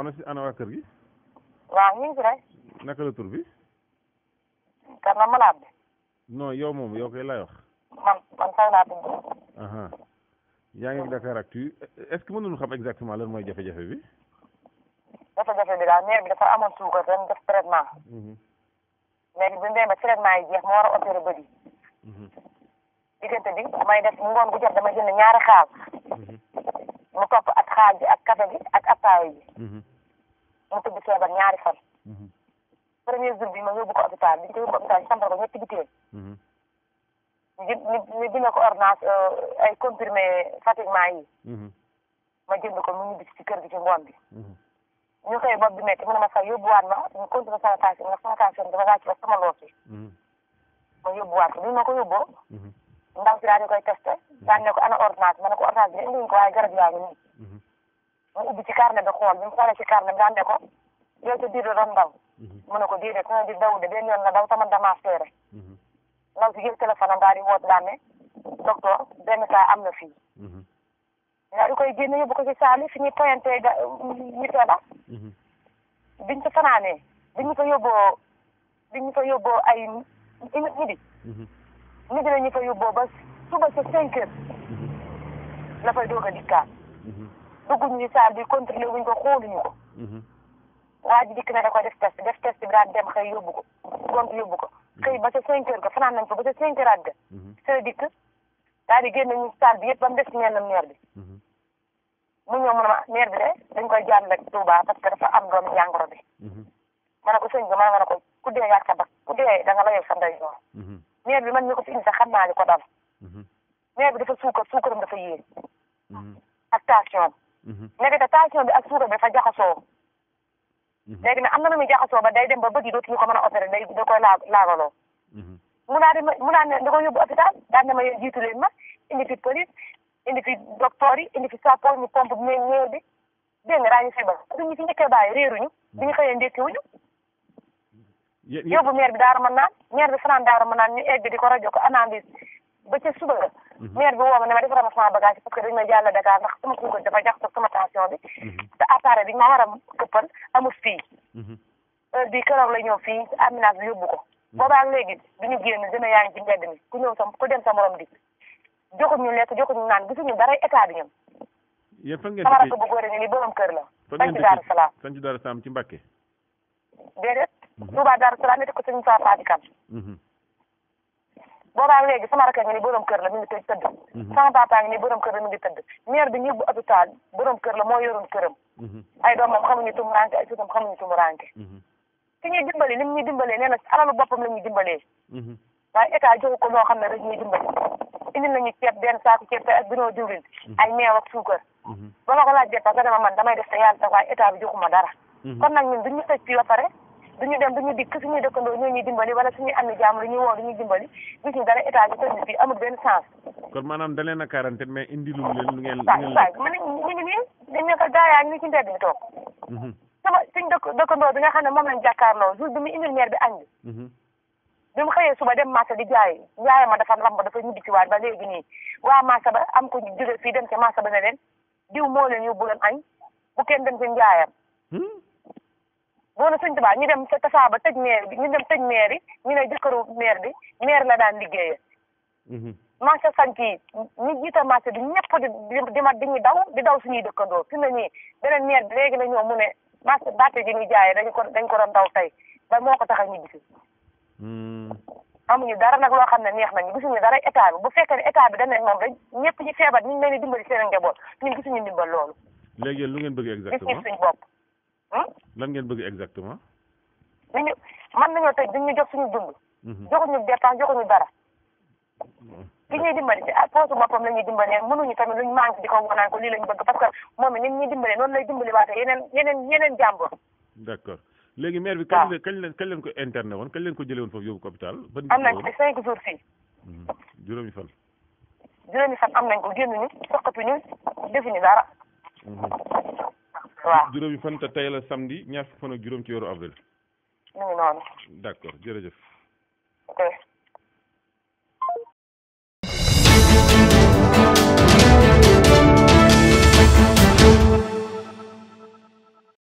soxna si ana waa kër gi. waaw ñu ngi rek. naka la tur bi. kan la malaat bi. non yow moom yow kay lay wax. man man fay naa dund. yaa ngi Dakaractu est-ce que xam exactement lan mooy jafe-jafe bi. jafe-jafe bi daal néew bi dafa amoon suukar dañ def traitement. léegi mhm. bu ñu demee ba traitement yi jeex ma war a opéré bët yi. Mhm. diggante bi may def ngoon bu jot dama jënd ñaari xaal. Mhm. mu topp ak xaaj bi ak kafe bi ak attaaye bi mhm. mu tëdd feebar ñaari fan mhm. premier jour bi ma yóbbu ko hôpital bi ñu ko yóbbu hôpital ñu sampal ko ñetti bitéel mhm. ñu ko ordonnance euh, ay comprimé fatiguement yi ma jënd ko mu ñibbi ci kër gi ci ngoon bi ñu xëy bopp bi metti mu ne ma sax yóbbuwaat ma ñu continué sama tension ma sama tension bi dafa wàcc ba sama loos bi ma yóbbuwaat ko bi ma ndaw si daal di koy testé mhm. daan ne ko ana ordonnance ma ne ko bi indiwuñu ko waaye garab yaa ngi nii mhm. mu ubbi ci carnet bi xool bi mu xoolee ci carnet ne ko yow sa biir doon daw mhm. mu ne ko déedéet sama biir daw de benn yoon la daw sama damaa ndaw si jël téléphone am daal di woote daan ne docteur benn saa am na fii daal di koy génne yóbbu ko ci saali fi ñuy pointé ga ñu feebar biñ ko fanaanee biñ ñu fa yóbboo biñ ñu fa nit la ñu ko yóbboo ba suba sa cinq heures mhm. la fay doog a dikkaat mhm. dugguñu ñu saal bi contrôlé wuñ ko xooluñu ko mhm. waa ji dikk na da ko def test def test bi daal dem xëy yóbbu ko gont yóbbu ko xëy ba sa cinq heures ga fanaan nañ ko ba sa cinq heures at ga soo dikk daal di génn saal bi yëpp ba mu des ñenn meer bi mu ñëw mu ne meer bi de dañ koy jaam rek Touba parce que dafa am doomu jàngoro bi ma ne ko sëñ bi ma ne ko ku dee yàq sa bak ku dee da nga layoo sa maire bi man mi ko fi indi sax xam naa li ko dal. maire mhm. bi dafa suukar suukaram dafa yéeg. Mhm. ak tension. Mhm. léegi te tension bi ak suukar bi dafa jaxasoo. léegi nag am na nu muy jaxasoo ba day dem ba bët yi dootuñu ko mën a opéré day da koy laa laagaloo. mu naa di ma mu naa ne da koy yóbbu hôpital daan na ma yéen jiitu leen ma indi fi police indi fi docteur yi indi fi sapeur ñu pompe bi maire bi dégg nga daa ñu feebar ñu fi njëkkee bàyyi yóbbu maire bi Darou Manane maire bi fanaan Darou Manane ñu egg di ko rajo ko analyse ba ca suba la. maire mhm. bi woo ma ne ma defaral ma sama bagage parce que ma jàll Dakar ndax sama kooku dafa jax sama tension bi. Mhm. te appareil bi ñu ma war a këppal amul fii. Mhm. heure bii keroog la ñëw fii aminage bi yóbbu ko. boobaa léegi du ñu génn dina yaa ngi ci mbedd mi ku ñëw sa ku dem sa morom di joxuñu lekk joxuñu naan gisuñu dara état bi ñoom. yéen fan ngeen dëkkee sama rakk bu a ngi nii la. fan ngeen dëkkee fan ci Daaru Salaam ci Mbàkke déedéet Touba mhm. Darou Salaam it ko suñu saa faa di kan. boobaag léegi sama rakk nga ni borom kër la mi ngi tëj tëdd. sama papa ngi ni borom kër la mi ngi tëdd mhm. maire bi ñëw bu hôpital borom kër la moo yoroon këram. Mhm. ay doomam xamuñu tum ranke ay sutam xamuñu tum ranke. ki ñuy li mu ñuy dimbalee nee na alalu boppam la ñuy dimbalee. waaye état joxu ko loo xam ne rek ñuy dimbali. indil nañu ceeb benn saako ceeb te ak binoo diwlin. ay meew ak suukar. ba ma ko laaj dépassé dama man damay def te yàlla sax waaye état bi joxuma dara. kon duñu dem duñu dikk suñuy dëkkandoo ñoo ñuy dimbali wala suñuy am ni jàmm lu ñuy woo duñuy dimbali gis ñu dara état bi service bi amul benn sens kon maanaam da leen a quarantaine mais indilul leen lu ngeen waay waay ñu nii dañ ne ko gaayaa ñu ci mbedd bi toog mhm. suñ dëkk dëkkandoo bi nga xam ne moom lañ jàkkaarloo jour bi mu indil maire bi añ bi mhm. bi mu xëyee suba dem marché di jaay jaay ma dafa lamb dafa ñibbi ci waat ba léegi nii waa marché am ko jóge fii dem ca marché ba ne leen diw moo leen yóbbu leen añ bu kenn dem ca njaayam hmm? noonu sëñ Tuubaa ñu dem ca ba tëj maire bi ñu dem tëj maire yi ñu ne jëkkëru maire bi maire la daan liggéeyee mhm. marché sanc yi ñi jiite marché bi ñëpp di di ma di ñu daw di daw suñuy dëkkandoo fi mu ne nii beneen maire bi léegi la mu ne marché bàtte ji ñu jaayee dañ ko dañ ko doon daw tey ba moo ko tax a ñu gisi hmm. amuñu dara nag loo xam ne neex nañu gisuñu dara état bi bu fekkee ne état bi dañ ne moom dañ ñëpp ñu feebar ñu ngi leen di dimbali seen njaboot ñun gisuñu ndimbal loolu léegi lu ngeen bëgg exactement gis lan ngeen bëgg exactement. dañu mën nañoo tëj duñ ñu jox suñu dund. Mhm. joxuñu dépense joxuñu dara. li ñuy dimbali ci ah, poosu boppam la ñuy dimbalee mënuñu tamit luñ manqué di ko wonaan ko lii lañ bëgg parce que moom it ni ñuy dimbalee noonu lay dimbali waate yeneen yeneen yeneen jàmbur. d'accord léegi maire bi. waaw kañ leen kañ leen ko interné woon kañ leen ko jëlee woon foofu yóbbu ko hôpital. ban am nañ ko cinq jours fii. Mhm. juróomi fan. juróomi fan am nañ ko génnuñu soqatuñu defuñu dara. Mhm. juróom juróomi fan te la samedi ñaar fukki fan juróom ci weeru avril. mu ngi